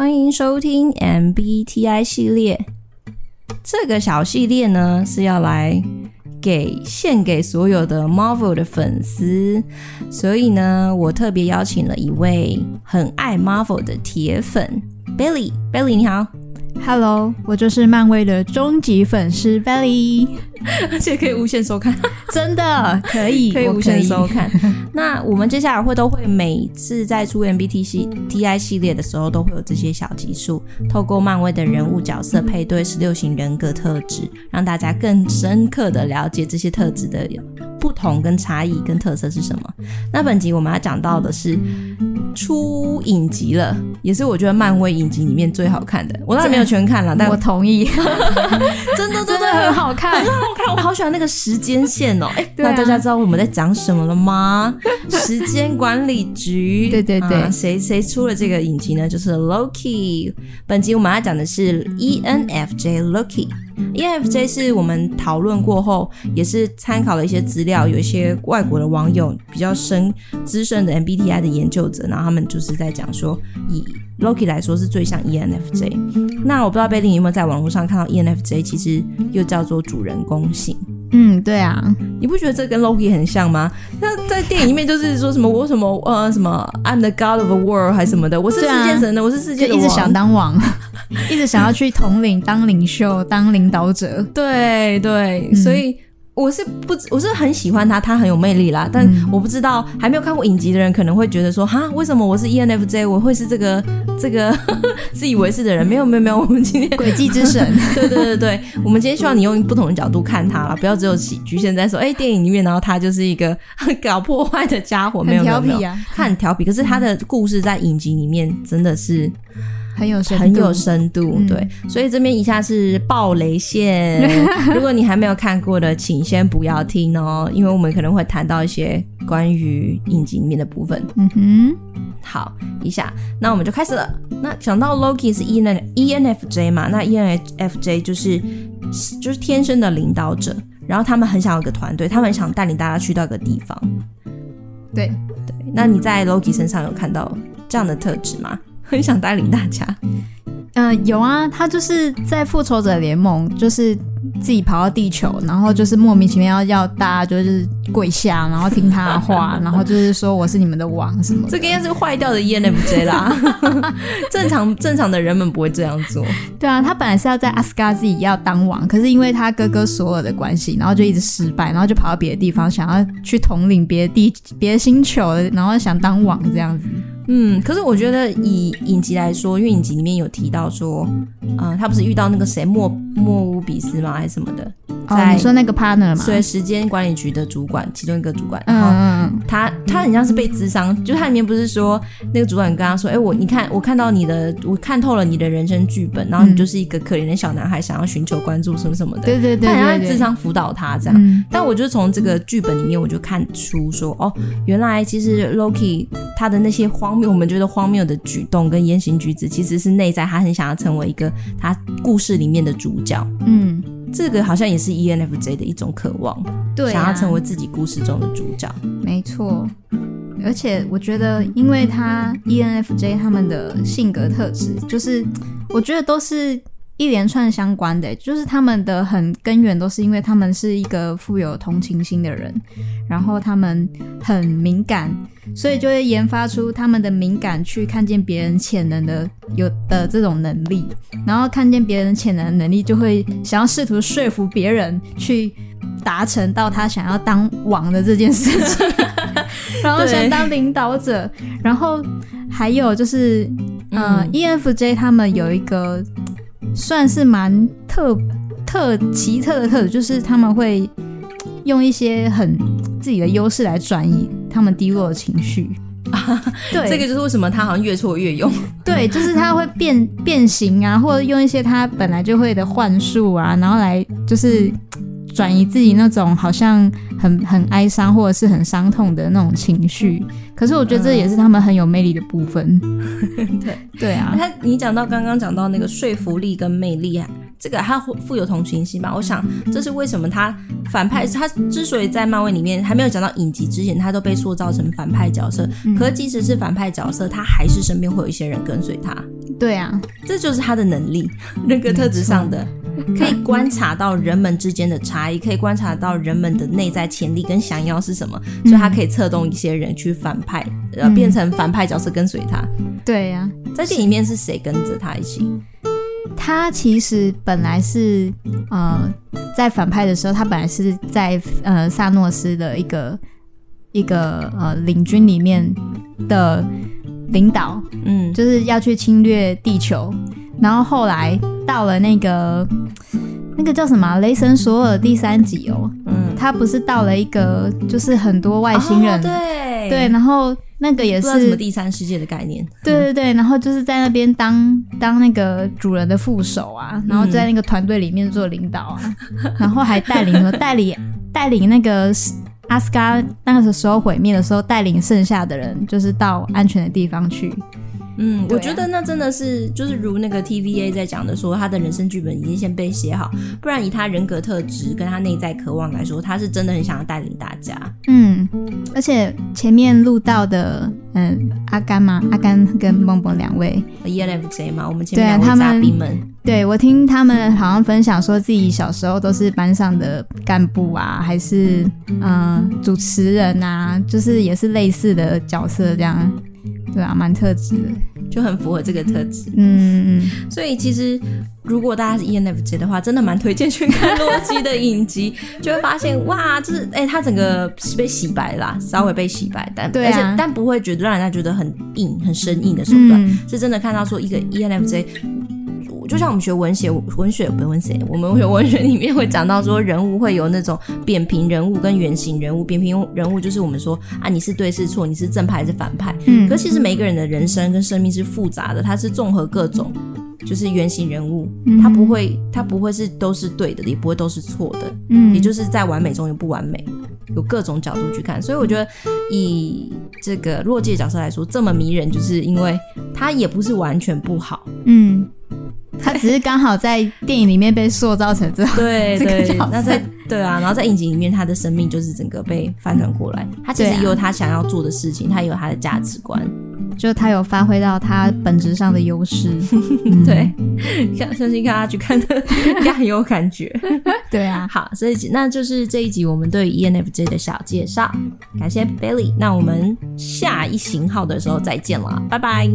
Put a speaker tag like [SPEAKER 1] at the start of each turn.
[SPEAKER 1] 歡迎收聽 MBTI 系列。這個小系列呢，是要來給獻給所有的 Marvel 的粉絲。所以呢，我特別邀請了一位很愛 Marvel 的鐵粉，Billy。Billy，你好。Hello，我就是漫威的終極粉絲 Belly，而且可以無限收看， 真的可以， 可以無限收看。我可 那我們接下來會都會每次在出 MBTI 系列的時候，都會有這些小集數，透過漫威的人物角色配對十六型人格特質，讓大家更深刻的了解這些特質的不同跟差異跟特色是什麼。那本集我們要講到的是。出影集了，也是我覺得漫威影集裡面最好看的。我當然沒有全看了，啊、但我同意， 真的真的很好看， 真的很好看！我 好喜歡那個時間線哦、喔。欸啊、那大家知道我們在講什麼了嗎？時間管理局， 對，對對對，誰誰、啊、出了這個影集呢？就是 Loki。本集我們要講的是 ENFJ Loki。ENFJ 是我們討論過後，也是參考了一些資料，有一些外國的網友比較深資深的 MBTI 的研究者，然後他們就是在講說，以 Loki 來說是最像 ENFJ。那我不知道百利你有沒有在網絡上看到 ENFJ，其實又叫做主人公型。
[SPEAKER 2] 嗯，對啊，
[SPEAKER 1] 你不覺得這跟 Loki 很像嗎？那在電影裡面就是說什麼我什麼呃什麼 I'm the God of the World 還什麼的，我是世界神的，啊、我是世界的，就一直想當
[SPEAKER 2] 王。 一直想要去統領、當領袖、當領導者，對對，對嗯、所以我是不，我是很喜歡他，他很有
[SPEAKER 1] 魅力啦。但我不知道，嗯、還沒有看過影集的人可能會覺得說，哈，為什麼我是 ENFJ，我會是這個這個呵呵自以為是的人？沒有沒有沒有，我們今天《詭計之神》， 對對對對，我們今天希望你用不同的角度看他啦，不要只有局限在說，哎、欸，電影裡面，然後他就是一個搞破壞的傢伙，沒有很調皮、啊、沒有沒有他很調皮，可是他的故事在影集裡面真的是。
[SPEAKER 2] 很有深度，很有深度，嗯、對，
[SPEAKER 1] 所以這邊以下是爆雷線。 如果你還沒有看過的，請先不要聽哦，因為我們可能會談到一些關於影集裡面的部分。嗯哼，好，一下那我們就開始了。那講到 Loki 是 E N E N F J 嘛，那 E N F J 就是、嗯、就是天生的領導者，然後他們很想有個團隊，他們想帶領大家去到一個地方。對對，那你在 Loki 身上有看到這樣的特質嗎？很想帶領大家，
[SPEAKER 2] 嗯、呃，有啊，他就是在復仇者聯盟，就是自己跑到地球，然後就是莫名其妙要要大家就是跪下，然後聽他的話， 然後就是說我是你們的王什麼。這個應該是壞掉的 ENFJ 啦，
[SPEAKER 1] 正常正常的人們不會這樣做。
[SPEAKER 2] 對啊，他本來是要在阿斯卡自己要當王，可是因為他哥哥索爾的關係，然後就一直失敗，然後就跑到別的地方，想要去統領別的地別的星球，然後想當王這樣子。嗯，可是我覺得
[SPEAKER 1] 以影集來說，因為影集裡面有提到說，啊、呃，他不是遇到那個誰，莫、莫比烏斯嗎？還是什麼的。在 哦、你說那個 partner 嗎？所以時間管理局的主管，其中一個主管，嗯嗯，他他很像是被諮商，嗯、就他裡面不是說那個主管跟他說，哎、欸、我你看，我看到你的，我看透了你的人生劇本，然後你就是一個可憐的小男孩，想要尋求關注什麼什麼的，對對對，他很像是諮商輔導他這樣。對對對對對，但我就從這個劇本裡面，我就看出說，嗯、哦，原來其實 Loki 他的那些荒謬，我們覺得荒謬的舉動跟言行舉止，其實是內在他很想要成為一個他故事裡面的主角，嗯。這個好像也是 ENFJ 的一種渴望，對啊，想要成為自己故事中的主
[SPEAKER 2] 角。沒錯，而且我覺得，因為他 ENFJ 他們的性格特質，就是我覺得都是。一連串相關的，就是他們的很根源都是因為他們是一個富有同情心的人，然後他們很敏感，所以就會研發出他們的敏感去看見別人潛能的有的這種能力，然後看見別人潛能的能力就會想要試圖說服別人去達成到他想要當王的這件事情， 然後想當領導者，對 然後還有就是、呃、嗯，ENFJ 他們有一個。算是蠻特特奇特的特質，就是他們會用一些很自己的優勢來轉移他們低落的情緒。
[SPEAKER 1] 啊、對，這個就是為什麼他好像越挫越勇。
[SPEAKER 2] 對，就是他會變變形啊，或者用一些他本來就會的幻術啊，然後來就是。嗯轉移自己那種好像很很哀傷或者是很傷痛的那種情緒，嗯、可是我覺得這也是他們很有魅力的部分。
[SPEAKER 1] 嗯、 對對啊，他你講到剛剛講到那個說服力跟魅力啊，這個他會富有同情心吧？我想這是為什麼他反派他之所以在漫威裡面還沒有講到影集之前，他都被塑造成反派角色。嗯、可即使是反派角色，他還是身邊會有一些人跟隨他。對啊，這就是他的能力，人格特質上的。可以觀察到人們之間的差異，可以觀察到人們的內在潛力跟想要是什麼，所以他可以策動一些人去反派，呃，變成反派角色跟隨他。
[SPEAKER 2] 對呀、啊，在這裡面是誰跟着他一起？他其實本來是呃，在反派的時候，他本來是在呃薩諾斯的一個一個呃領軍裡面的領導，嗯，就是要去侵略地球，然後後來。到了那個那個叫什麼、啊、雷神索爾第三集哦，嗯，他不是到了一個就是很多外星人、哦、對對，然後那個也是不什麼第三
[SPEAKER 1] 世界的概念，
[SPEAKER 2] 對對對，嗯、然後就是在那邊當當那個主人的副手啊，然後在那個團隊裡面做領導啊，嗯、然後還帶領帶領帶領那個阿斯嘉那個時候毀滅的時候，帶領剩下的人就是到安全的地方去。嗯，
[SPEAKER 1] 啊、我覺得那真的是就是如那個 TVA 在講的說，他的人生劇本已經先被寫好，不然以他人格特質跟他內在渴望來說，他是真的很想要帶領大家。
[SPEAKER 2] 嗯，而且前面錄到的，嗯，阿甘嘛，阿甘跟蹦蹦兩位
[SPEAKER 1] ENFJ 嘛，我們前面兩位嘉賓們，
[SPEAKER 2] 對我聽他們好像分享說自己小時候都是班上的幹部啊，還是嗯、呃、主持人啊，就是也是類似的角色這樣。對啊，蠻特質的，就
[SPEAKER 1] 很符合這個特質，嗯。嗯嗯，所以其實如果大家是 ENFJ 的話，真的蠻推薦去看洛基的影集， 就會發現哇，就是哎，他，欸、整個被洗白了啦，稍微被洗白，但對，啊、而且但不會覺得讓人家覺得很硬，很生硬的手段，嗯、是真的看到說一個 ENFJ。就像我們學文學，文學不文學，我們學文學裡面會講到說，人物會有那種扁平人物跟圓形人物。扁平人物就是我們說啊，你是對是錯，你是正派還是反派。嗯。可其實每一個人的人生跟生命是複雜的，它是綜合各種，就是圓形人物，它不會它不會是都是對的，也不會都是錯的。嗯。也就是在完美中有不完美，有各種角度去看。所以我覺得以這個洛基的角色來說，這麼迷人，就是因為它也不是完全不好。
[SPEAKER 2] 嗯。他只是剛好在電影裡面被塑造成這樣，對對，那在
[SPEAKER 1] 對啊，然後在影集裡面，他的生命就是整個被翻轉過來。 他其實也有他想要做的事情，他也有他的價值觀，
[SPEAKER 2] 就他有發揮到他本質上的優勢。 對，相信、嗯、看他去看的，應該很有感覺。
[SPEAKER 1] 對啊，好，所以那就是這一集我們對 ENFJ 的小介紹，感謝 Billy。那我們下一型號的時候再見了，拜拜。